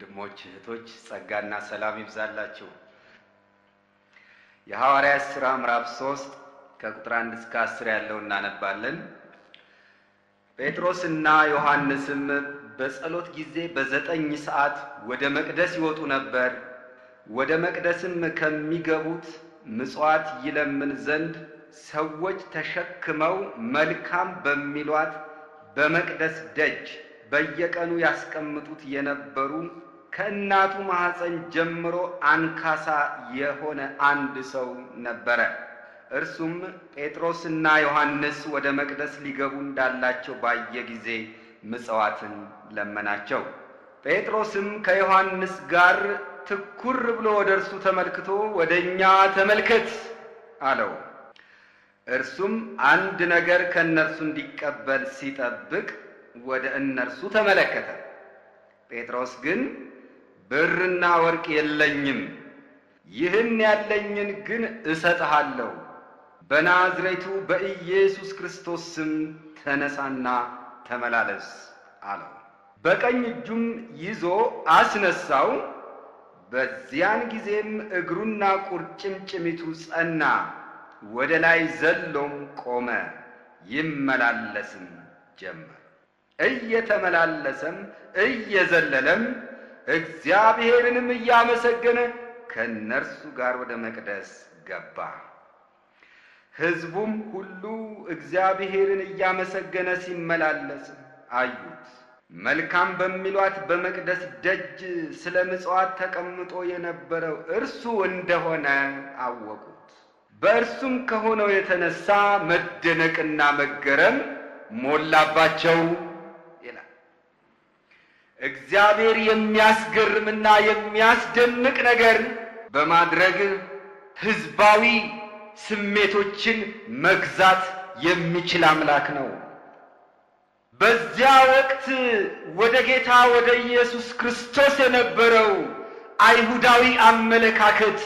ወንድሞች እህቶች፣ ጸጋና ሰላም ይብዛላችሁ። የሐዋርያት ሥራ ምዕራፍ ሶስት ከቁጥር አንድ እስከ አስር ያለው እናነባለን። ጴጥሮስና ዮሐንስም በጸሎት ጊዜ በዘጠኝ ሰዓት ወደ መቅደስ ይወጡ ነበር። ወደ መቅደስም ከሚገቡት ምጽዋት ይለምን ዘንድ ሰዎች ተሸክመው መልካም በሚሏት በመቅደስ ደጅ በየቀኑ ያስቀምጡት የነበሩ ከእናቱ ማህፀን ጀምሮ አንካሳ የሆነ አንድ ሰው ነበረ። እርሱም ጴጥሮስና ዮሐንስ ወደ መቅደስ ሊገቡ እንዳላቸው ባየ ጊዜ ምጽዋትን ለመናቸው። ጴጥሮስም ከዮሐንስ ጋር ትኩር ብሎ ወደ እርሱ ተመልክቶ ወደ እኛ ተመልከት አለው። እርሱም አንድ ነገር ከእነርሱ እንዲቀበል ሲጠብቅ ወደ እነርሱ ተመለከተ። ጴጥሮስ ግን ብርና ወርቅ የለኝም፣ ይህን ያለኝን ግን እሰጥሃለሁ። በናዝሬቱ በኢየሱስ ክርስቶስ ስም ተነሳና ተመላለስ አለው። በቀኝ እጁም ይዞ አስነሳው። በዚያን ጊዜም እግሩና ቁርጭምጭሚቱ ጸና፣ ወደ ላይ ዘሎም ቆመ፣ ይመላለስም ጀመር። እየተመላለሰም እየዘለለም እግዚአብሔርንም እያመሰገነ ከእነርሱ ጋር ወደ መቅደስ ገባ። ሕዝቡም ሁሉ እግዚአብሔርን እያመሰገነ ሲመላለስ አዩት። መልካም በሚሏት በመቅደስ ደጅ ስለ ምጽዋት ተቀምጦ የነበረው እርሱ እንደሆነ አወቁት። በእርሱም ከሆነው የተነሳ መደነቅና መገረም ሞላባቸው። እግዚአብሔር የሚያስገርምና የሚያስደንቅ ነገር በማድረግ ህዝባዊ ስሜቶችን መግዛት የሚችል አምላክ ነው። በዚያ ወቅት ወደ ጌታ ወደ ኢየሱስ ክርስቶስ የነበረው አይሁዳዊ አመለካከት፣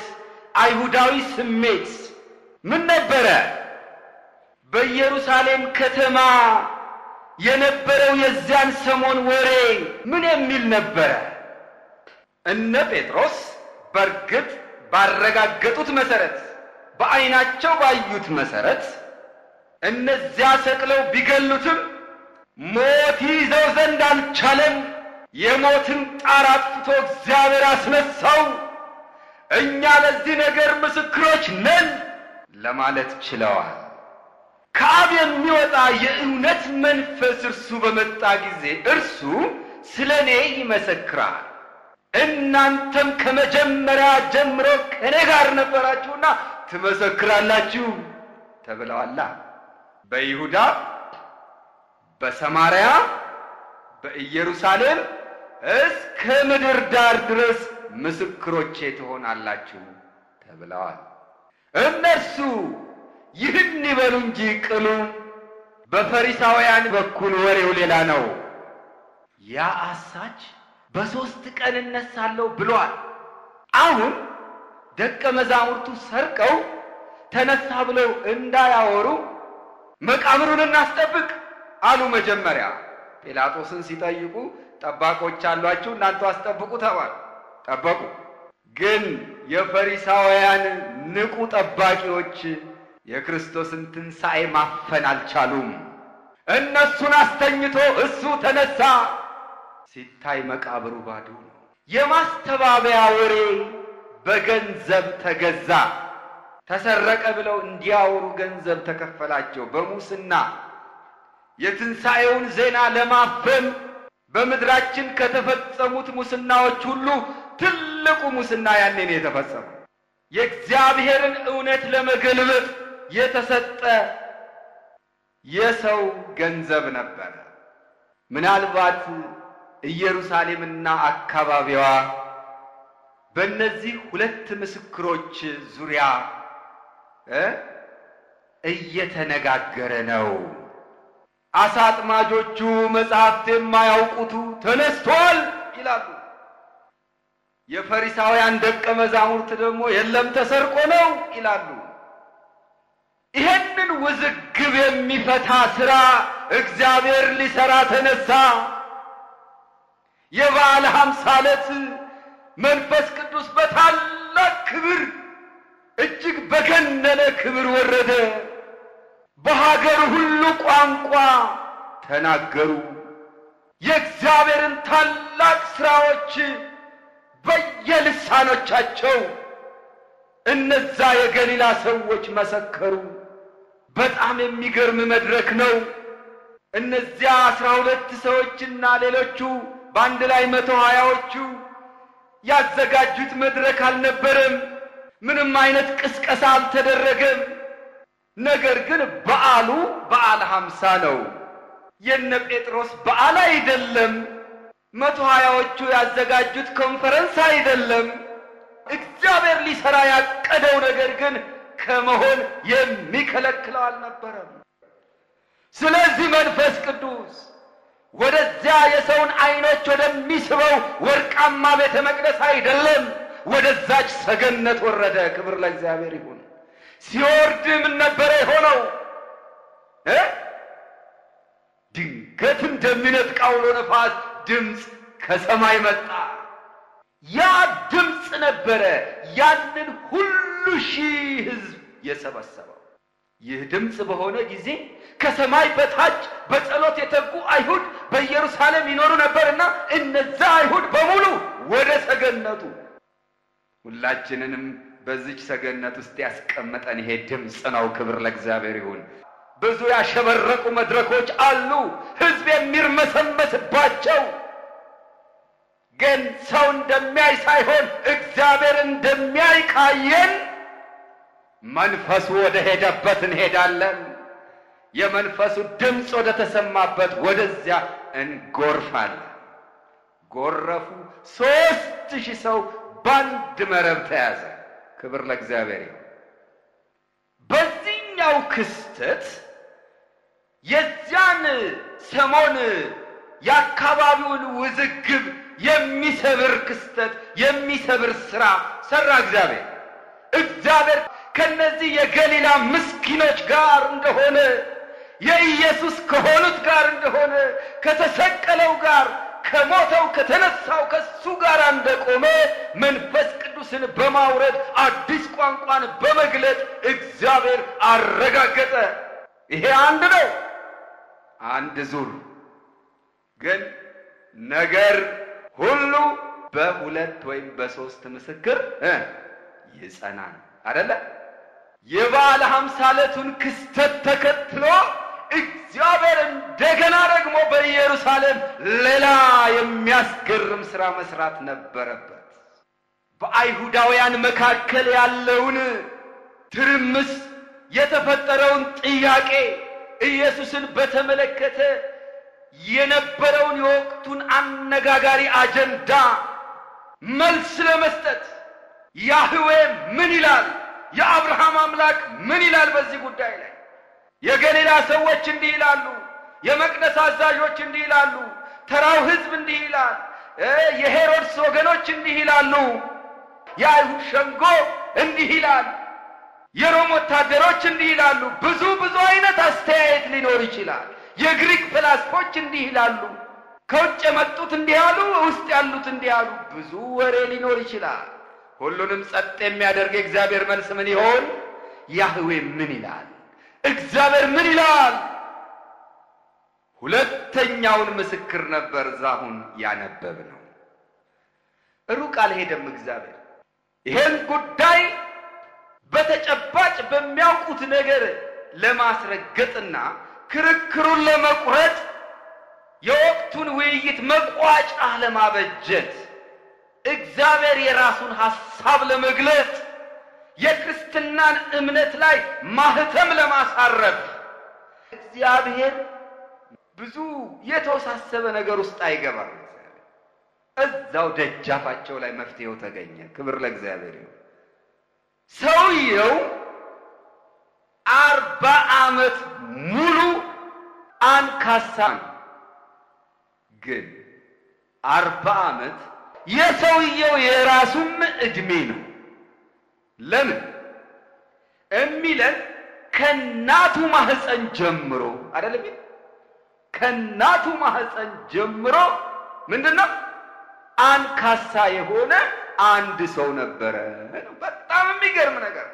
አይሁዳዊ ስሜት ምን ነበረ? በኢየሩሳሌም ከተማ የነበረው የዚያን ሰሞን ወሬ ምን የሚል ነበረ? እነ ጴጥሮስ በእርግጥ ባረጋገጡት መሰረት፣ በዐይናቸው ባዩት መሰረት እነዚያ ሰቅለው ቢገሉትም ሞት ይዘው ዘንድ አልቻለም። የሞትን ጣር አጥፍቶ እግዚአብሔር አስነሳው። እኛ ለዚህ ነገር ምስክሮች ነን ለማለት ችለዋል። ከአብ የሚወጣ የእውነት መንፈስ እርሱ በመጣ ጊዜ እርሱ ስለ እኔ ይመሰክራል። እናንተም ከመጀመሪያ ጀምሮ ከእኔ ጋር ነበራችሁና ትመሰክራላችሁ ተብለዋላ። በይሁዳ በሰማርያ በኢየሩሳሌም እስከ ምድር ዳር ድረስ ምስክሮቼ ትሆናላችሁ ተብለዋል። እነርሱ ይህን ይበሉ እንጂ ቅሉ በፈሪሳውያን በኩል ወሬው ሌላ ነው። ያ አሳች በሦስት ቀን እነሳለሁ ብሏል። አሁን ደቀ መዛሙርቱ ሰርቀው ተነሳ ብለው እንዳያወሩ መቃብሩን እናስጠብቅ አሉ። መጀመሪያ ጲላጦስን ሲጠይቁ ጠባቆች አሏችሁ እናንተ አስጠብቁ ተባሉ። ጠበቁ። ግን የፈሪሳውያን ንቁ ጠባቂዎች የክርስቶስን ትንሣኤ ማፈን አልቻሉም። እነሱን አስተኝቶ እሱ ተነሳ። ሲታይ መቃብሩ ባዶ ነው። የማስተባበያ ወሬ በገንዘብ ተገዛ። ተሰረቀ ብለው እንዲያወሩ ገንዘብ ተከፈላቸው። በሙስና የትንሣኤውን ዜና ለማፈን በምድራችን ከተፈጸሙት ሙስናዎች ሁሉ ትልቁ ሙስና ያኔ ነው የተፈጸመው። የእግዚአብሔርን እውነት ለመገልበጥ የተሰጠ የሰው ገንዘብ ነበረ። ምናልባት ኢየሩሳሌምና አካባቢዋ በእነዚህ ሁለት ምስክሮች ዙሪያ እየተነጋገረ ነው። አሳ አጥማጆቹ መጽሐፍት የማያውቁቱ ተነስቷል ይላሉ። የፈሪሳውያን ደቀ መዛሙርት ደግሞ የለም ተሰርቆ ነው ይላሉ። ይሄንን ውዝግብ የሚፈታ ስራ እግዚአብሔር ሊሰራ ተነሳ። የበዓለ ሃምሳ ዕለት መንፈስ ቅዱስ በታላቅ ክብር እጅግ በገነነ ክብር ወረደ። በሀገር ሁሉ ቋንቋ ተናገሩ። የእግዚአብሔርን ታላቅ ሥራዎች በየልሳኖቻቸው እነዛ የገሊላ ሰዎች መሰከሩ። በጣም የሚገርም መድረክ ነው። እነዚያ አስራ ሁለት ሰዎችና ሌሎቹ በአንድ ላይ መቶ ሀያዎቹ ያዘጋጁት መድረክ አልነበረም። ምንም አይነት ቅስቀሳ አልተደረገም። ነገር ግን በዓሉ በዓል ሀምሳ ነው። የነ ጴጥሮስ በዓል አይደለም። መቶ ሀያዎቹ ያዘጋጁት ኮንፈረንስ አይደለም። እግዚአብሔር ሊሰራ ያቀደው ነገር ግን ከመሆን የሚከለክለው አልነበረም። ስለዚህ መንፈስ ቅዱስ ወደዚያ የሰውን አይኖች ወደሚስበው ወርቃማ ቤተ መቅደስ አይደለም፣ ወደዛች ሰገነት ወረደ። ክብር ለእግዚአብሔር ይሁን። ሲወርድ ምን ነበረ የሆነው? ድንገት እንደሚነጥቅ አውሎ ነፋስ ድምፅ ከሰማይ መጣ። ያ ድምፅ ነበረ ያንን ሁሉ ሺህ ህዝብ የሰበሰበው። ይህ ድምፅ በሆነ ጊዜ ከሰማይ በታች በጸሎት የተጉ አይሁድ በኢየሩሳሌም ይኖሩ ነበርና እነዛ አይሁድ በሙሉ ወደ ሰገነቱ ሁላችንንም በዚች ሰገነት ውስጥ ያስቀመጠን ይሄ ድምፅ ነው። ክብር ለእግዚአብሔር ይሁን። ብዙ ያሸበረቁ መድረኮች አሉ፣ ህዝብ የሚርመሰመስባቸው ግን ሰው እንደሚያይ ሳይሆን እግዚአብሔር እንደሚያይ ካየን መንፈሱ ወደ ሄደበት እንሄዳለን። የመንፈሱ ድምፅ ወደ ተሰማበት ወደዚያ እንጎርፋለን። ጎረፉ። ሦስት ሺህ ሰው በአንድ መረብ ተያዘ። ክብር ለእግዚአብሔር ይሁን። በዚህኛው ክስተት የዚያን ሰሞን የአካባቢውን ውዝግብ የሚሰብር ክስተት የሚሰብር ስራ ሰራ እግዚአብሔር። እግዚአብሔር ከነዚህ የገሊላ ምስኪኖች ጋር እንደሆነ የኢየሱስ ከሆኑት ጋር እንደሆነ ከተሰቀለው ጋር ከሞተው ከተነሳው ከሱ ጋር እንደቆመ መንፈስ ቅዱስን በማውረድ አዲስ ቋንቋን በመግለጥ እግዚአብሔር አረጋገጠ። ይሄ አንድ ነው፣ አንድ ዙር ግን ነገር ሁሉ በሁለት ወይም በሶስት ምስክር ይጸናል አደለ? የበዓለ ሃምሳ ዕለቱን ክስተት ተከትሎ እግዚአብሔር እንደገና ደግሞ በኢየሩሳሌም ሌላ የሚያስገርም ስራ መስራት ነበረበት። በአይሁዳውያን መካከል ያለውን ትርምስ፣ የተፈጠረውን ጥያቄ ኢየሱስን በተመለከተ የነበረውን የወቅቱን አነጋጋሪ አጀንዳ መልስ ለመስጠት ያህዌ ምን ይላል፣ የአብርሃም አምላክ ምን ይላል በዚህ ጉዳይ ላይ የገሊላ ሰዎች እንዲህ ይላሉ፣ የመቅደስ አዛዦች እንዲህ ይላሉ፣ ተራው ሕዝብ እንዲህ ይላል፣ የሄሮድስ ወገኖች እንዲህ ይላሉ፣ የአይሁድ ሸንጎ እንዲህ ይላል፣ የሮም ወታደሮች እንዲህ ይላሉ። ብዙ ብዙ አይነት አስተያየት ሊኖር ይችላል። የግሪክ ፈላስፎች እንዲህ ይላሉ፣ ከውጭ የመጡት እንዲህ አሉ፣ ውስጥ ያሉት እንዲህ አሉ። ብዙ ወሬ ሊኖር ይችላል። ሁሉንም ጸጥ የሚያደርግ የእግዚአብሔር መልስ ምን ይሆን? ያህዌ ምን ይላል? እግዚአብሔር ምን ይላል? ሁለተኛውን ምስክር ነበር ዛሁን ያነበብ ነው። ሩቅ አልሄደም እግዚአብሔር ይሄን ጉዳይ በተጨባጭ በሚያውቁት ነገር ለማስረገጥና ክርክሩን ለመቁረጥ የወቅቱን ውይይት መቋጫ ለማበጀት እግዚአብሔር የራሱን ሐሳብ ለመግለጽ የክርስትናን እምነት ላይ ማህተም ለማሳረፍ እግዚአብሔር ብዙ የተወሳሰበ ነገር ውስጥ አይገባም። እዛው ደጃፋቸው ላይ መፍትሄው ተገኘ። ክብር ለእግዚአብሔር ይሁን። ሰውየው አርባ ዓመት ሙሉ አንካሳን ግን አርባ ዓመት የሰውየው የራሱም እድሜ ነው። ለምን እሚለን ከናቱ ማህፀን ጀምሮ አደለም? ከናቱ ማህፀን ጀምሮ ምንድነው አንካሳ የሆነ አንድ ሰው ነበረ። በጣም የሚገርም ነገር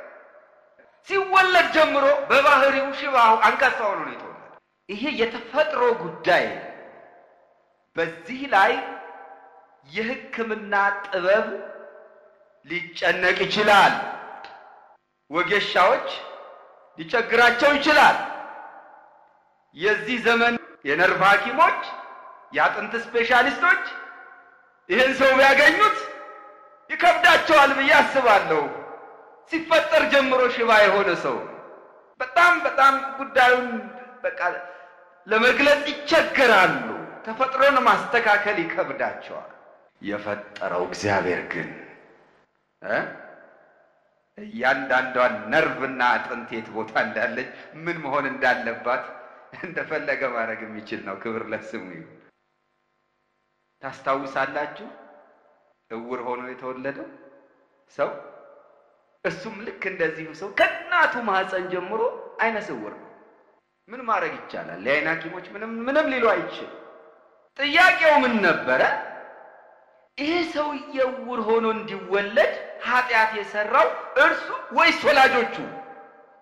ሲወለድ ጀምሮ በባህሪው ሽባው አንካሳ ሆኖ ነው ይሄ የተፈጥሮ ጉዳይ በዚህ ላይ የሕክምና ጥበብ ሊጨነቅ ይችላል። ወጌሻዎች ሊቸግራቸው ይችላል። የዚህ ዘመን የነርቭ ሐኪሞች፣ የአጥንት ስፔሻሊስቶች ይህን ሰው ቢያገኙት ይከብዳቸዋል ብዬ አስባለሁ። ሲፈጠር ጀምሮ ሽባ የሆነ ሰው በጣም በጣም ጉዳዩን በቃ ለመግለጽ ይቸገራሉ። ተፈጥሮን ማስተካከል ይከብዳቸዋል። የፈጠረው እግዚአብሔር ግን እያንዳንዷን ነርቭና አጥንት የት ቦታ እንዳለች፣ ምን መሆን እንዳለባት እንደፈለገ ማድረግ የሚችል ነው። ክብር ለስሙ ይሁን። ታስታውሳላችሁ? እውር ሆኖ የተወለደው ሰው እሱም ልክ እንደዚሁ ሰው ከእናቱ ማህፀን ጀምሮ አይነ ስውር ነው። ምን ማድረግ ይቻላል? የአይን ሐኪሞች ምንም ምንም ሊሉ አይችል። ጥያቄው ምን ነበረ? ይሄ ሰውዬ ዕውር ሆኖ እንዲወለድ ኃጢአት የሰራው እርሱ ወይስ ወላጆቹ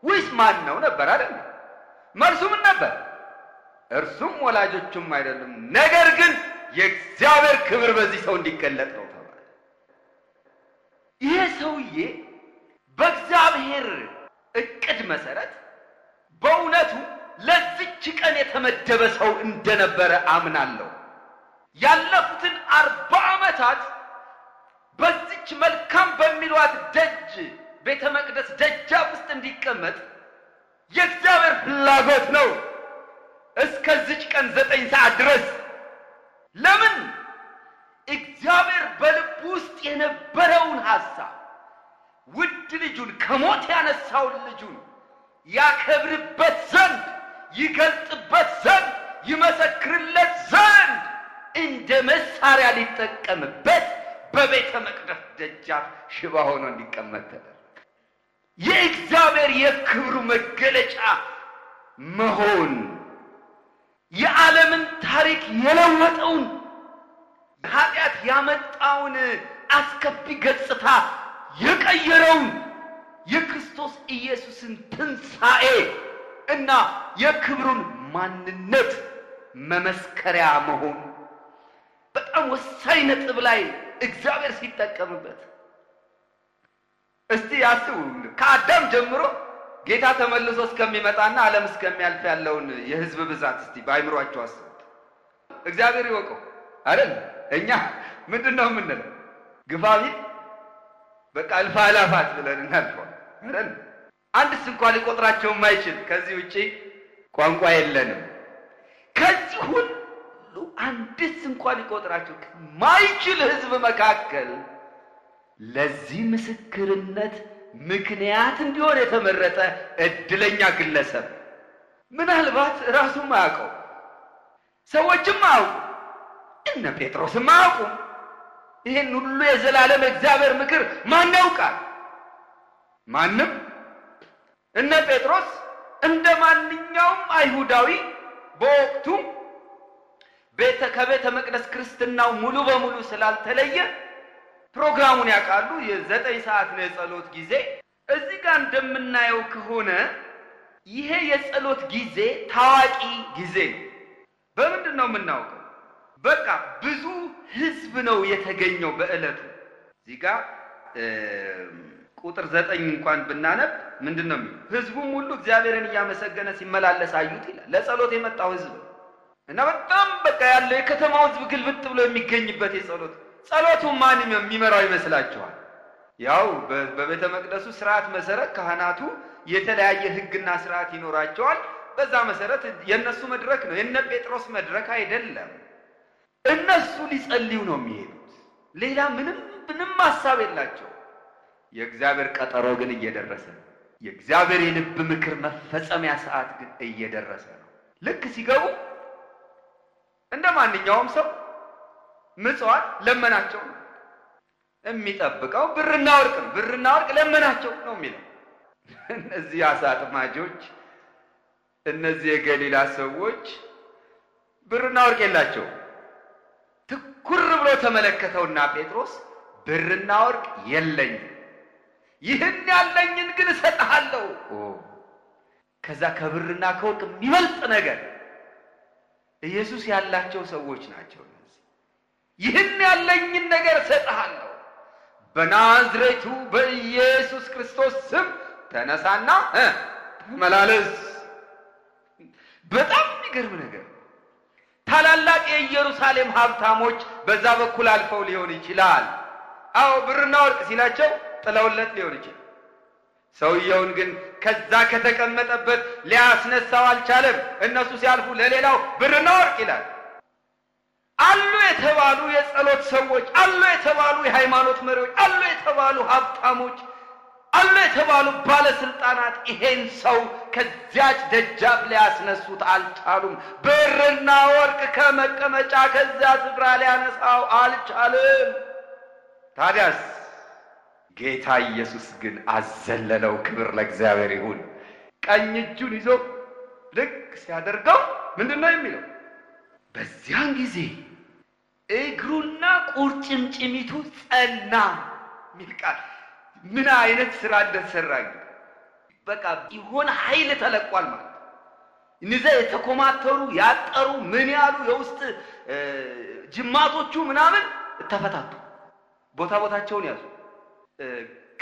ወይስ ማን ነው ነበር አይደል? መልሱ ምን ነበር? እርሱም ወላጆቹም አይደሉም፣ ነገር ግን የእግዚአብሔር ክብር በዚህ ሰው እንዲገለጥ ነው ተባለ። ይሄ ሰውዬ በእግዚአብሔር እቅድ መሰረት በእውነቱ ለዚች ቀን የተመደበ ሰው እንደነበረ አምናለሁ። ያለፉትን አርባ ዓመታት በዚች መልካም በሚሏት ደጅ ቤተ መቅደስ ደጃፍ ውስጥ እንዲቀመጥ የእግዚአብሔር ፍላጎት ነው። እስከዚች ቀን ዘጠኝ ሰዓት ድረስ ለምን እግዚአብሔር በልብ ውስጥ የነበረውን ሐሳብ ውድ ልጁን ከሞት ያነሳውን ልጁን ያከብርበት ይገልጽበት ዘንድ ይመሰክርለት ዘንድ እንደ መሳሪያ ሊጠቀምበት በቤተ መቅደስ ደጃፍ ሽባ ሆኖ እንዲቀመጥ ተደረገ። የእግዚአብሔር የክብሩ መገለጫ መሆን የዓለምን ታሪክ የለወጠውን ኃጢአት ያመጣውን አስከፊ ገጽታ የቀየረውን የክርስቶስ ኢየሱስን ትንሣኤ እና የክብሩን ማንነት መመስከሪያ መሆኑ በጣም ወሳኝ ነጥብ ላይ እግዚአብሔር ሲጠቀምበት እስቲ ያስቡ። ከአዳም ጀምሮ ጌታ ተመልሶ እስከሚመጣና ዓለም እስከሚያልፍ ያለውን የህዝብ ብዛት እስቲ በአይምሯቸው አስቡት። እግዚአብሔር ይወቀው አይደል? እኛ ምንድን ነው የምንለው? ግፋ በቃ እልፍ አላፋት ብለን እናልፈዋል አይደል? አንድስ ስንኳ ሊቆጥራቸው የማይችል ከዚህ ውጪ ቋንቋ የለንም። ከዚህ ሁሉ አንድስ እንኳን ሊቆጥራቸው ከማይችል ህዝብ መካከል ለዚህ ምስክርነት ምክንያት እንዲሆን የተመረጠ እድለኛ ግለሰብ ምናልባት ራሱም አያውቀው ሰዎችም አያውቁ እነ ጴጥሮስም አያውቁም። ይህን ሁሉ የዘላለም እግዚአብሔር ምክር ማን ያውቃል? ማንም እነ ጴጥሮስ እንደ ማንኛውም አይሁዳዊ በወቅቱ ቤተ ከቤተ መቅደስ ክርስትናው ሙሉ በሙሉ ስላልተለየ ፕሮግራሙን ያውቃሉ። የዘጠኝ ሰዓት ነው የጸሎት ጊዜ። እዚህ ጋር እንደምናየው ከሆነ ይሄ የጸሎት ጊዜ ታዋቂ ጊዜ ነው። በምንድን ነው የምናውቀው? በቃ ብዙ ህዝብ ነው የተገኘው በዕለቱ። እዚህ ጋር ቁጥር ዘጠኝ እንኳን ብናነብ ምንድን ነው የሚለው? ህዝቡም ሁሉ እግዚአብሔርን እያመሰገነ ሲመላለስ አዩት ይላል። ለጸሎት የመጣው ህዝብ እና በጣም በቃ ያለው የከተማው ህዝብ ግልብጥ ብሎ የሚገኝበት የጸሎት ጸሎቱ ማን የሚመራው ይመስላችኋል? ያው በቤተ መቅደሱ ስርዓት መሰረት ካህናቱ የተለያየ ህግና ስርዓት ይኖራቸዋል። በዛ መሰረት የእነሱ መድረክ ነው፣ የነ ጴጥሮስ መድረክ አይደለም። እነሱ ሊጸልዩ ነው የሚሄዱት። ሌላ ምንም ምንም ሀሳብ የላቸው። የእግዚአብሔር ቀጠሮ ግን እየደረሰ ነው። የእግዚአብሔር የልብ ምክር መፈጸሚያ ሰዓት ግን እየደረሰ ነው። ልክ ሲገቡ እንደ ማንኛውም ሰው ምጽዋት ለመናቸው ነው የሚጠብቀው። ብርና ወርቅ ነው። ብርና ወርቅ ለመናቸው ነው የሚለው። እነዚህ አሳ አጥማጆች፣ እነዚህ የገሊላ ሰዎች ብርና ወርቅ የላቸው ትኩር ብሎ ተመለከተውና ጴጥሮስ ብርና ወርቅ የለኝም ይህን ያለኝን ግን እሰጥሃለሁ። ከዛ ከብርና ከወርቅ የሚበልጥ ነገር ኢየሱስ ያላቸው ሰዎች ናቸው። ይህን ያለኝን ነገር እሰጥሃለሁ በናዝሬቱ በኢየሱስ ክርስቶስ ስም ተነሳና ተመላለስ። በጣም የሚገርም ነገር ታላላቅ የኢየሩሳሌም ሀብታሞች በዛ በኩል አልፈው ሊሆን ይችላል። አዎ ብርና ወርቅ ሲላቸው ጥለውለት ሊሆን ይችላል። ሰውየውን ግን ከዛ ከተቀመጠበት ሊያስነሳው አልቻለም። እነሱ ሲያልፉ ለሌላው ብርና ወርቅ ይላል። አሉ የተባሉ የጸሎት ሰዎች፣ አሉ የተባሉ የሃይማኖት መሪዎች፣ አሉ የተባሉ ሀብታሞች፣ አሉ የተባሉ ባለስልጣናት ይሄን ሰው ከዚያች ደጃፍ ሊያስነሱት አልቻሉም። ብርና ወርቅ ከመቀመጫ ከዚያ ስፍራ ሊያነሳው አልቻልም። ታዲያስ ጌታ ኢየሱስ ግን አዘለለው። ክብር ለእግዚአብሔር ይሁን። ቀኝ እጁን ይዞ ልክ ሲያደርገው ምንድን ነው የሚለው? በዚያን ጊዜ እግሩና ቁርጭምጭሚቱ ጸና የሚል ቃል። ምን አይነት ስራ እንደተሰራ በቃ የሆነ ኃይል ተለቋል ማለት እነዚያ የተኮማተሩ ያጠሩ ምን ያሉ የውስጥ ጅማቶቹ ምናምን ተፈታቱ፣ ቦታ ቦታቸውን ያዙ።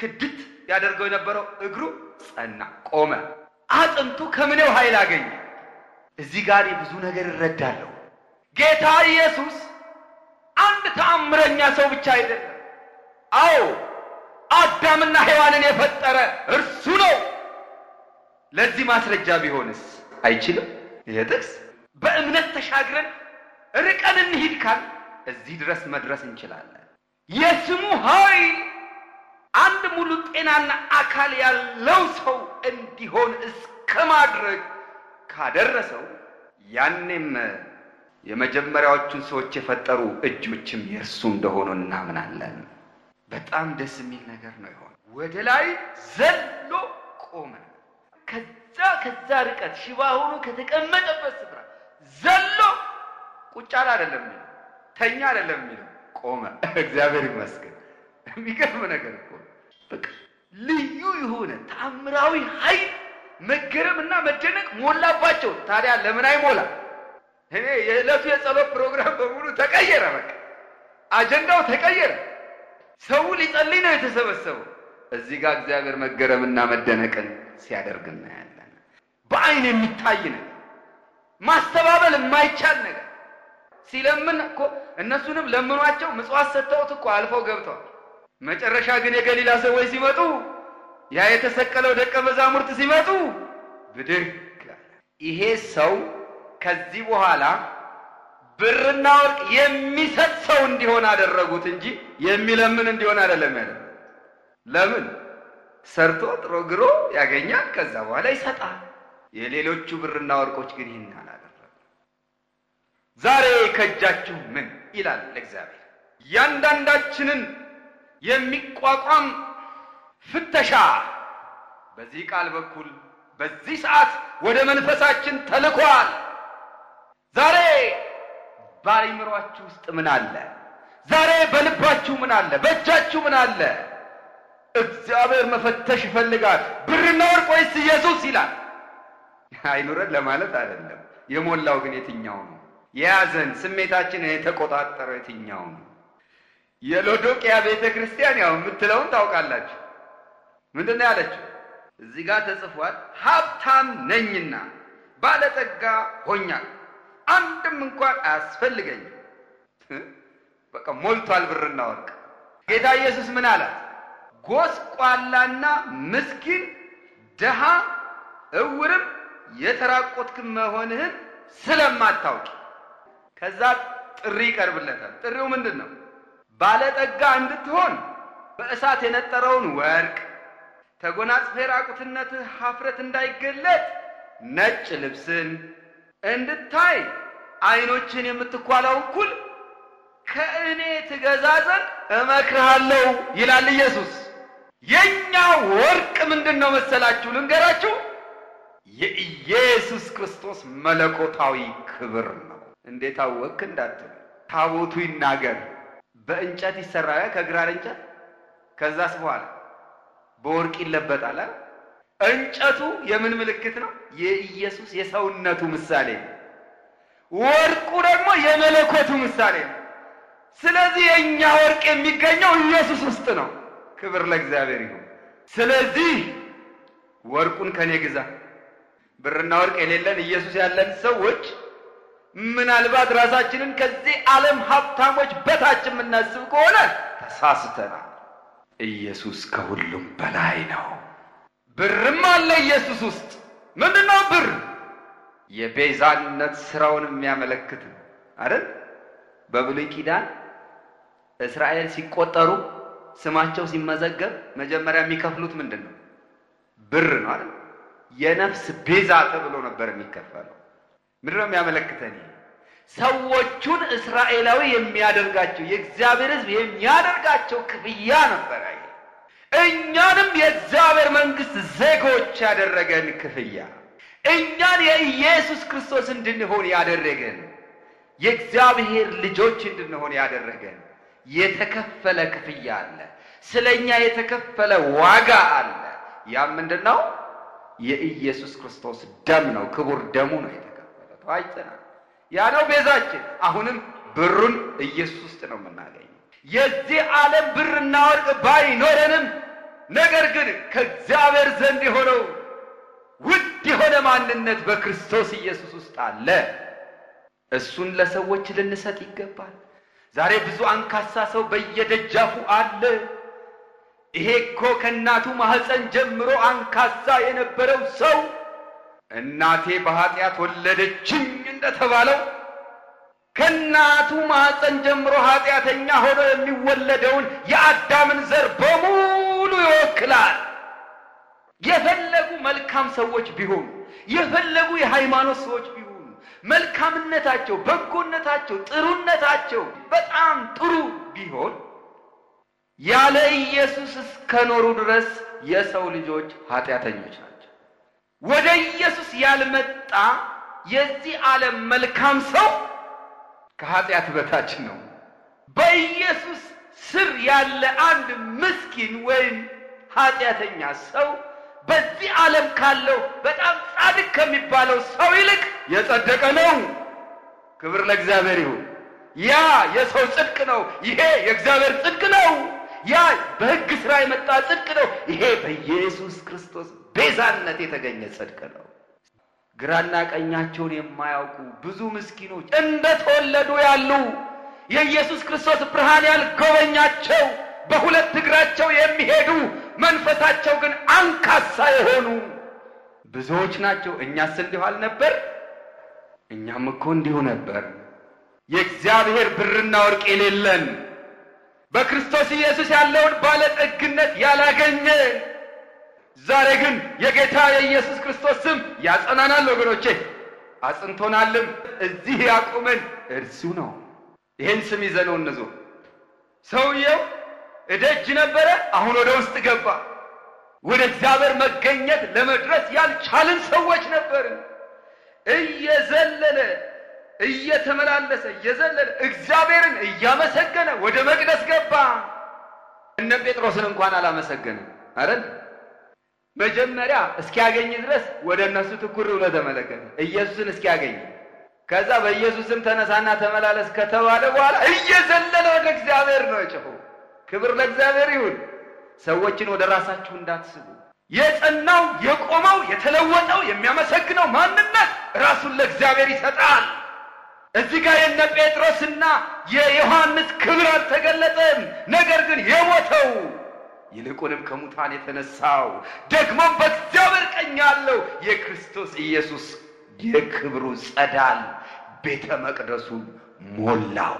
ክድት ያደርገው የነበረው እግሩ ጸና፣ ቆመ። አጥንቱ ከምኔው ኃይል አገኘ? እዚህ ጋር ብዙ ነገር እረዳለሁ። ጌታ ኢየሱስ አንድ ተአምረኛ ሰው ብቻ አይደለም። አዎ አዳምና ሔዋንን የፈጠረ እርሱ ነው። ለዚህ ማስረጃ ቢሆንስ አይችልም? ይሄ ጥቅስ በእምነት ተሻግረን ርቀን እንሂድ ካል እዚህ ድረስ መድረስ እንችላለን። የስሙ ኃይል አንድ ሙሉ ጤናና አካል ያለው ሰው እንዲሆን እስከ ማድረግ ካደረሰው ያኔም የመጀመሪያዎቹን ሰዎች የፈጠሩ እጆችም የእርሱ እንደሆኑ እናምናለን። በጣም ደስ የሚል ነገር ነው። ይሆን ወደ ላይ ዘሎ ቆመ። ከዛ ከዛ ርቀት ሽባ ሆኖ ከተቀመጠበት ስፍራ ዘሎ ቁጭ አለ አይደለም፣ ተኛ አይደለም፣ ቆመ። እግዚአብሔር ይመስገን። የሚገርም ነገር ነው። በቃ ልዩ የሆነ ተአምራዊ ኃይል መገረም እና መደነቅ ሞላባቸው። ታዲያ ለምን አይሞላ? እኔ የዕለቱ የጸሎት ፕሮግራም በሙሉ ተቀየረ። በቃ አጀንዳው ተቀየረ። ሰው ሊጸልይ ነው የተሰበሰበው። እዚህ ጋር እግዚአብሔር መገረምና መደነቅን ሲያደርግ እናያለን። በአይን የሚታይ ነገር፣ ማስተባበል የማይቻል ነገር ሲለምን እኮ እነሱንም ለምኗቸው ምጽዋት ሰጥተውት እኮ አልፈው ገብተዋል። መጨረሻ ግን የገሊላ ሰዎች ሲመጡ ያ የተሰቀለው ደቀ መዛሙርት ሲመጡ ብድግ ይሄ ሰው ከዚህ በኋላ ብርና ወርቅ የሚሰጥ ሰው እንዲሆን አደረጉት እንጂ የሚለምን እንዲሆን አይደለም ያለ። ለምን ሰርቶ ጥሮ ግሮ ያገኛል፣ ከዛ በኋላ ይሰጣል። የሌሎቹ ብርና ወርቆች ግን ይህን አላደረጉ። ዛሬ ከእጃችሁ ምን ይላል እግዚአብሔር? እያንዳንዳችንን የሚቋቋም ፍተሻ በዚህ ቃል በኩል በዚህ ሰዓት ወደ መንፈሳችን ተልኳል። ዛሬ በአእምሯችሁ ውስጥ ምን አለ? ዛሬ በልባችሁ ምን አለ? በእጃችሁ ምን አለ? እግዚአብሔር መፈተሽ ይፈልጋል። ብርና ወርቅ ወይስ ኢየሱስ ይላል። አይኑረን ለማለት አይደለም። የሞላው ግን የትኛው ነው? የያዘን ስሜታችንን የተቆጣጠረው የትኛው ነው? የሎዶቅያ ቤተ ክርስቲያን ያው የምትለውን ታውቃላችሁ። ምንድን ነው ያለችው? እዚህ ጋር ተጽፏል። ሀብታም ነኝና ባለጠጋ ሆኛል፣ አንድም እንኳን አያስፈልገኝም። በቃ ሞልቷል ብርና ወርቅ። ጌታ ኢየሱስ ምን አላት? ጎስቋላና ምስኪን ድሃ እውርም የተራቆትክ መሆንህን ስለማታውቂ። ከዛ ጥሪ ይቀርብለታል። ጥሪው ምንድን ነው? ባለጠጋ እንድትሆን በእሳት የነጠረውን ወርቅ ተጎናጽፈ የራቁትነትህ ሀፍረት እንዳይገለጥ ነጭ ልብስን እንድታይ አይኖችን የምትኳላው እኩል ከእኔ ትገዛ ዘንድ እመክርሃለሁ ይላል ኢየሱስ። የእኛ ወርቅ ምንድን ነው መሰላችሁ? ልንገራችሁ፣ የኢየሱስ ክርስቶስ መለኮታዊ ክብር ነው። እንዴት እንዳትል ታቦቱ ይናገር። በእንጨት ይሰራል ከግራር እንጨት ከዛስ በኋላ በወርቅ ይለበጣል እንጨቱ የምን ምልክት ነው የኢየሱስ የሰውነቱ ምሳሌ ነው ወርቁ ደግሞ የመለኮቱ ምሳሌ ነው ስለዚህ የእኛ ወርቅ የሚገኘው ኢየሱስ ውስጥ ነው ክብር ለእግዚአብሔር ይሁን ስለዚህ ወርቁን ከኔ ግዛ ብርና ወርቅ የሌለን ኢየሱስ ያለን ሰዎች ምናልባት ራሳችንን ከዚህ ዓለም ሀብታሞች በታች የምናስብ ከሆነ ተሳስተናል። ኢየሱስ ከሁሉም በላይ ነው። ብርም አለ ኢየሱስ ውስጥ። ምንድን ነው ብር? የቤዛነት ስራውን የሚያመለክት ነው አይደል? በብሉይ ኪዳን እስራኤል ሲቆጠሩ ስማቸው ሲመዘገብ መጀመሪያ የሚከፍሉት ምንድን ነው? ብር ነው አይደል? የነፍስ ቤዛ ተብሎ ነበር የሚከፈለው። ምንድን ነው የሚያመለክተን? ሰዎቹን እስራኤላዊ የሚያደርጋቸው የእግዚአብሔር ሕዝብ የሚያደርጋቸው ክፍያ ነበረ። እኛንም የእግዚአብሔር መንግስት ዜጎች ያደረገን ክፍያ፣ እኛን የኢየሱስ ክርስቶስ እንድንሆን ያደረገን፣ የእግዚአብሔር ልጆች እንድንሆን ያደረገን የተከፈለ ክፍያ አለ። ስለ እኛ የተከፈለ ዋጋ አለ። ያ ምንድን ነው? የኢየሱስ ክርስቶስ ደም ነው። ክቡር ደሙ ነው። ተዋጅተናል። ያ ነው ቤዛችን። አሁንም ብሩን ኢየሱስ ውስጥ ነው የምናገኘው። የዚህ ዓለም ብርና ወርቅ ባይኖረንም ነገር ግን ከእግዚአብሔር ዘንድ የሆነው ውድ የሆነ ማንነት በክርስቶስ ኢየሱስ ውስጥ አለ። እሱን ለሰዎች ልንሰጥ ይገባል። ዛሬ ብዙ አንካሳ ሰው በየደጃፉ አለ። ይሄ እኮ ከእናቱ ማኅፀን ጀምሮ አንካሳ የነበረው ሰው እናቴ በኃጢአት ወለደችኝ እንደተባለው ከእናቱ ማፀን ጀምሮ ኃጢአተኛ ሆኖ የሚወለደውን የአዳምን ዘር በሙሉ ይወክላል። የፈለጉ መልካም ሰዎች ቢሆኑ፣ የፈለጉ የሃይማኖት ሰዎች ቢሆኑ መልካምነታቸው፣ በጎነታቸው፣ ጥሩነታቸው በጣም ጥሩ ቢሆን ያለ ኢየሱስ እስከኖሩ ድረስ የሰው ልጆች ኃጢአተኞች ናቸው። ወደ ኢየሱስ ያልመጣ የዚህ ዓለም መልካም ሰው ከኃጢአት በታች ነው። በኢየሱስ ስር ያለ አንድ ምስኪን ወይም ኃጢአተኛ ሰው በዚህ ዓለም ካለው በጣም ጻድቅ ከሚባለው ሰው ይልቅ የጸደቀ ነው። ክብር ለእግዚአብሔር ይሁን። ያ የሰው ጽድቅ ነው፣ ይሄ የእግዚአብሔር ጽድቅ ነው። ያ በሕግ ሥራ የመጣ ጽድቅ ነው፣ ይሄ በኢየሱስ ክርስቶስ ቤዛነት የተገኘ ጽድቅ ነው። ግራና ቀኛቸውን የማያውቁ ብዙ ምስኪኖች እንደተወለዱ ያሉ የኢየሱስ ክርስቶስ ብርሃን ያልጎበኛቸው በሁለት እግራቸው የሚሄዱ መንፈሳቸው ግን አንካሳ የሆኑ ብዙዎች ናቸው። እኛስ እንዲሁ አልነበር? እኛም እኮ እንዲሁ ነበር። የእግዚአብሔር ብርና ወርቅ የሌለን በክርስቶስ ኢየሱስ ያለውን ባለጠግነት ያላገኘ ዛሬ ግን የጌታ የኢየሱስ ክርስቶስ ስም ያጸናናል። ወገኖቼ አጽንቶናልም። እዚህ ያቆመን እርሱ ነው። ይህን ስም ይዘነው እንዞ ሰውየው እደጅ ነበረ፣ አሁን ወደ ውስጥ ገባ። ወደ እግዚአብሔር መገኘት ለመድረስ ያልቻልን ሰዎች ነበርን። እየዘለለ እየተመላለሰ እየዘለለ እግዚአብሔርን እያመሰገነ ወደ መቅደስ ገባ። እነ ጴጥሮስን እንኳን አላመሰገንም አይደል? መጀመሪያ እስኪያገኝ ድረስ ወደ እነሱ ትኩር ብሎ ተመለከተ፣ ኢየሱስን እስኪያገኝ። ከዛ በኢየሱስም ተነሳና ተመላለስ ከተባለ በኋላ እየዘለለ ወደ እግዚአብሔር ነው የጮኸው። ክብር ለእግዚአብሔር ይሁን። ሰዎችን ወደ ራሳችሁ እንዳትስቡ። የጸናው የቆመው የተለወጠው የሚያመሰግነው ማንነት ራሱን ለእግዚአብሔር ይሰጣል። እዚህ ጋር የነ ጴጥሮስና የዮሐንስ ክብር አልተገለጠም። ነገር ግን የሞተው ይልቁንም ከሙታን የተነሳው ደግሞ በእግዚአብሔር ቀኝ ያለው የክርስቶስ ኢየሱስ የክብሩ ጸዳል ቤተ መቅደሱን ሞላው።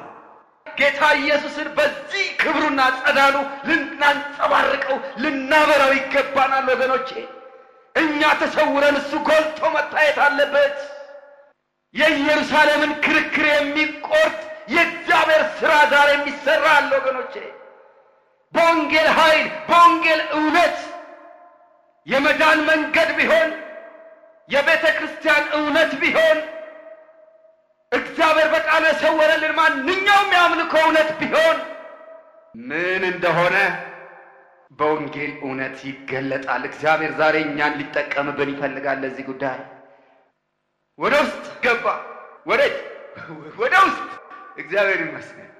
ጌታ ኢየሱስን በዚህ ክብሩና ጸዳሉ ልናንጸባርቀው ልናበራው ይገባናል። ወገኖቼ እኛ ተሰውረን እሱ ጎልቶ መታየት አለበት። የኢየሩሳሌምን ክርክር የሚቆርጥ የእግዚአብሔር ሥራ ዛሬ የሚሠራ አለ ወገኖቼ። በወንጌል ኃይል በወንጌል እውነት የመዳን መንገድ ቢሆን የቤተ ክርስቲያን እውነት ቢሆን እግዚአብሔር በቃሉ የሰወረልን ማንኛውም የአምልኮ እውነት ቢሆን ምን እንደሆነ በወንጌል እውነት ይገለጣል። እግዚአብሔር ዛሬ እኛን ሊጠቀምብን ይፈልጋል። ለዚህ ጉዳይ ወደ ውስጥ ገባ። ወደ ወደ ውስጥ እግዚአብሔር ይመስገን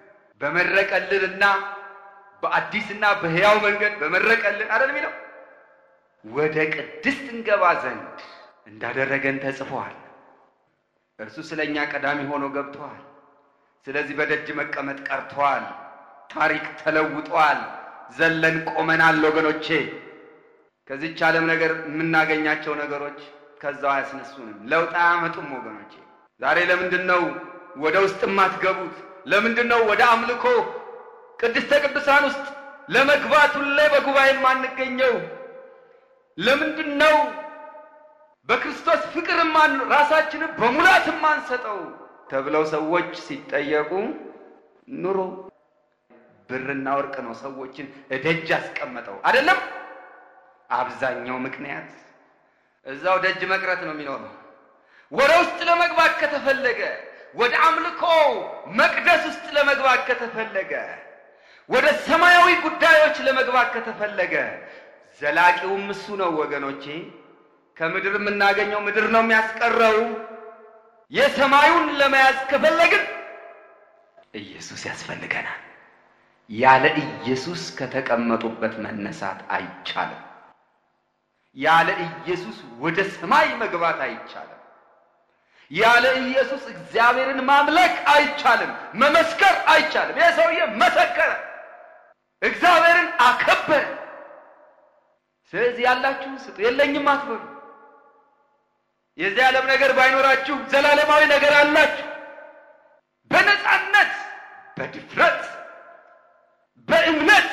በመረቀልንና በአዲስና በሕያው መንገድ በመረቀልን አይደል የሚለው ወደ ቅድስት እንገባ ዘንድ እንዳደረገን ተጽፏል። እርሱ ስለ እኛ ቀዳሚ ሆኖ ገብተዋል። ስለዚህ በደጅ መቀመጥ ቀርተዋል ታሪክ ተለውጧል። ዘለን ቆመናል። ወገኖቼ ከዚች ዓለም ነገር የምናገኛቸው ነገሮች ከዛው አያስነሱንም፣ ለውጥ አያመጡም። ወገኖቼ ዛሬ ለምንድን ነው ወደ ውስጥ የማትገቡት? ለምንድን ነው ወደ አምልኮ ቅድስተ ቅዱሳን ውስጥ ለመግባት ሁሌ በጉባኤ የማንገኘው ለምንድን ነው? በክርስቶስ ፍቅር ራሳችንን በሙላት የማንሰጠው ተብለው ሰዎች ሲጠየቁ ኑሮ ብርና ወርቅ ነው ሰዎችን እደጅ አስቀመጠው አይደለም። አብዛኛው ምክንያት እዛው ደጅ መቅረት ነው የሚኖረው። ወደ ውስጥ ለመግባት ከተፈለገ ወደ አምልኮ መቅደስ ውስጥ ለመግባት ከተፈለገ ወደ ሰማያዊ ጉዳዮች ለመግባት ከተፈለገ ዘላቂውም እሱ ነው ወገኖቼ። ከምድር የምናገኘው ምድር ነው የሚያስቀረው። የሰማዩን ለመያዝ ከፈለግን ኢየሱስ ያስፈልገናል። ያለ ኢየሱስ ከተቀመጡበት መነሳት አይቻልም። ያለ ኢየሱስ ወደ ሰማይ መግባት አይቻልም። ያለ ኢየሱስ እግዚአብሔርን ማምለክ አይቻልም፣ መመስከር አይቻልም። ይህ ሰውዬ መሰከረ። እግዚአብሔርን አከበር። ስለዚህ ያላችሁ ስጡ፣ የለኝም አትበሉ። የዚህ ዓለም ነገር ባይኖራችሁ ዘላለማዊ ነገር አላችሁ። በነፃነት በድፍረት በእምነት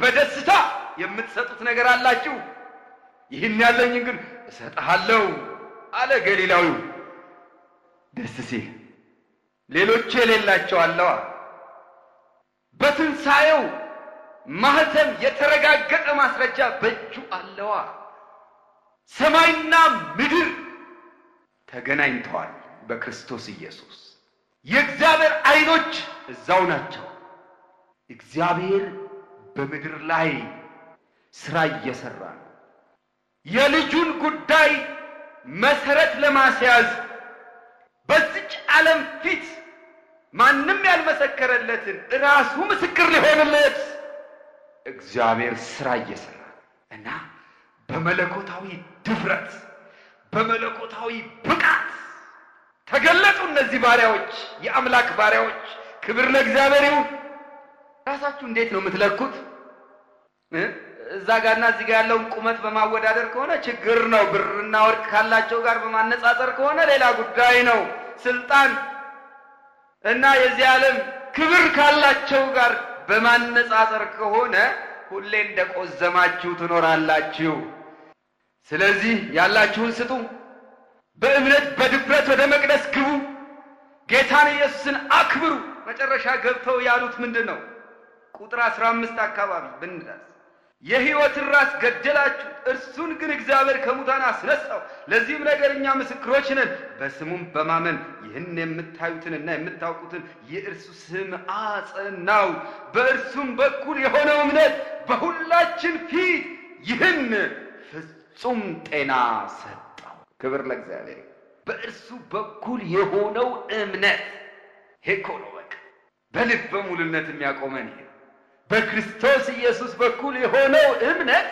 በደስታ የምትሰጡት ነገር አላችሁ። ይህን ያለኝን ግን እሰጥሃለሁ አለ ገሊላዊው ደስ ሲል ሌሎቹ የሌላቸው አለዋ በትንሣኤው ማህተም የተረጋገጠ ማስረጃ በእጁ አለዋ። ሰማይና ምድር ተገናኝተዋል በክርስቶስ ኢየሱስ። የእግዚአብሔር ዐይኖች እዛው ናቸው። እግዚአብሔር በምድር ላይ ስራ እየሰራ ነው። የልጁን ጉዳይ መሰረት ለማስያዝ በዚች ዓለም ፊት ማንም ያልመሰከረለትን ራሱ ምስክር ሊሆንለት እግዚአብሔር ስራ እየሰራ እና በመለኮታዊ ድፍረት በመለኮታዊ ብቃት ተገለጡ። እነዚህ ባሪያዎች፣ የአምላክ ባሪያዎች፣ ክብር ለእግዚአብሔር ይሁን። ራሳችሁ እንዴት ነው የምትለኩት? እዛ ጋርና እዚህ ጋር ያለውን ቁመት በማወዳደር ከሆነ ችግር ነው። ብርና ወርቅ ካላቸው ጋር በማነጻጸር ከሆነ ሌላ ጉዳይ ነው። ስልጣን እና የዚህ ዓለም ክብር ካላቸው ጋር በማነጻጸር ከሆነ ሁሌ እንደቆዘማችሁ ትኖራላችሁ። ስለዚህ ያላችሁን ስጡ፣ በእምነት በድፍረት ወደ መቅደስ ግቡ፣ ጌታን ኢየሱስን አክብሩ። መጨረሻ ገብተው ያሉት ምንድን ነው? ቁጥር አስራ አምስት አካባቢ ብንዳስ የህይወትን ራስ ገደላችሁ፣ እርሱን ግን እግዚአብሔር ከሙታን አስነሳው። ለዚህም ነገር እኛ ምስክሮች ነን፣ በስሙም በማመን ይህን የምታዩትንና የምታውቁትን የእርሱ ስም አጸናው። በእርሱም በኩል የሆነው እምነት በሁላችን ፊት ይህን ፍጹም ጤና ሰጠው። ክብር ለእግዚአብሔር። በእርሱ በኩል የሆነው እምነት ሄኮ በልበ ሙሉነት የሚያቆመን በክርስቶስ ኢየሱስ በኩል የሆነው እምነት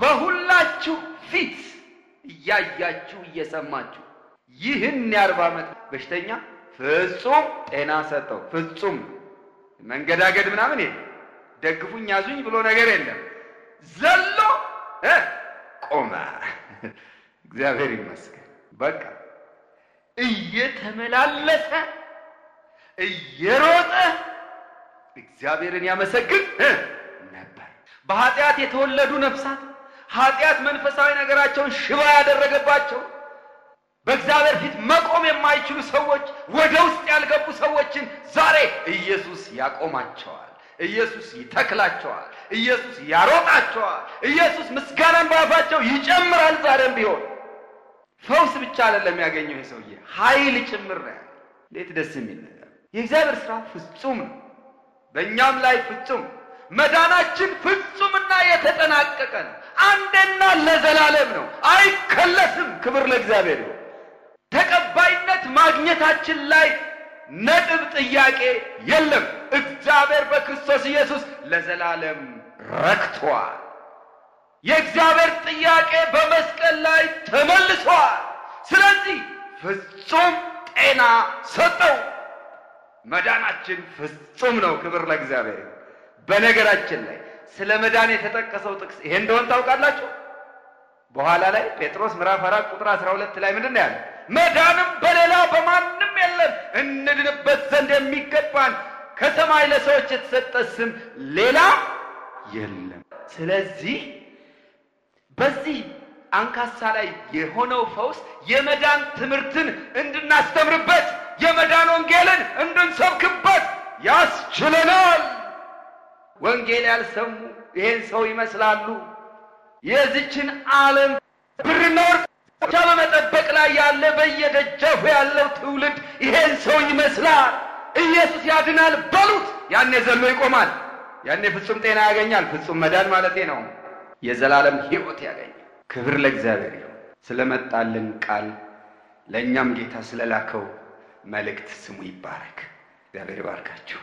በሁላችሁ ፊት እያያችሁ እየሰማችሁ ይህን የአርባ ዓመት በሽተኛ ፍጹም ጤና ሰጠው። ፍጹም መንገዳገድ ምናምን የለም። ደግፉኝ ያዙኝ ብሎ ነገር የለም። ዘሎ ቆመ። እግዚአብሔር ይመስገን። በቃ እየተመላለሰ እየሮጠ እግዚአብሔርን ያመሰግን ነበር። በኃጢአት የተወለዱ ነፍሳት ኃጢአት መንፈሳዊ ነገራቸውን ሽባ ያደረገባቸው በእግዚአብሔር ፊት መቆም የማይችሉ ሰዎች፣ ወደ ውስጥ ያልገቡ ሰዎችን ዛሬ ኢየሱስ ያቆማቸዋል። ኢየሱስ ይተክላቸዋል። ኢየሱስ ያሮጣቸዋል። ኢየሱስ ምስጋናን በአፋቸው ይጨምራል። ዛሬም ቢሆን ፈውስ ብቻ አይደለም ያገኘው ሰውዬ ኃይል ጭምር ነው። እንዴት ደስ የሚል ነገር! የእግዚአብሔር ስራ ፍጹም ነው። በእኛም ላይ ፍጹም መዳናችን ፍጹምና የተጠናቀቀ ነው። አንዴና ለዘላለም ነው፣ አይከለስም። ክብር ለእግዚአብሔር ይሁን። ተቀባይነት ማግኘታችን ላይ ነጥብ ጥያቄ የለም። እግዚአብሔር በክርስቶስ ኢየሱስ ለዘላለም ረክቷል። የእግዚአብሔር ጥያቄ በመስቀል ላይ ተመልሷል። ስለዚህ ፍጹም ጤና ሰጠው። መዳናችን ፍጹም ነው። ክብር ለእግዚአብሔር። በነገራችን ላይ ስለ መዳን የተጠቀሰው ጥቅስ ይሄ እንደሆን ታውቃላችሁ። በኋላ ላይ ጴጥሮስ ምዕራፍ አራት ቁጥር አስራ ሁለት ላይ ምንድን ነው ያለ? መዳንም በሌላ በማንም የለም እንድንበት ዘንድ የሚገባን ከሰማይ ለሰዎች የተሰጠ ስም ሌላ የለም። ስለዚህ በዚህ አንካሳ ላይ የሆነው ፈውስ የመዳን ትምህርትን እንድናስተምርበት የመዳን ወንጌልን እንድንሰብክበት ያስችለናል። ወንጌል ያልሰሙ ይህን ሰው ይመስላሉ። የዚችን ዓለም ብርና ወርቅ ብቻ በመጠበቅ ላይ ያለ በየደጃፉ ያለው ትውልድ ይሄን ሰው ይመስላል። ኢየሱስ ያድናል በሉት፣ ያኔ ዘሎ ይቆማል። ያኔ ፍጹም ጤና ያገኛል። ፍጹም መዳን ማለቴ ነው። የዘላለም ሕይወት ያገኛል። ክብር ለእግዚአብሔር ይሁን። ስለመጣልን ቃል ለእኛም ጌታ ስለላከው መልእክት ስሙ ይባረክ። እግዚአብሔር ይባርካችሁ።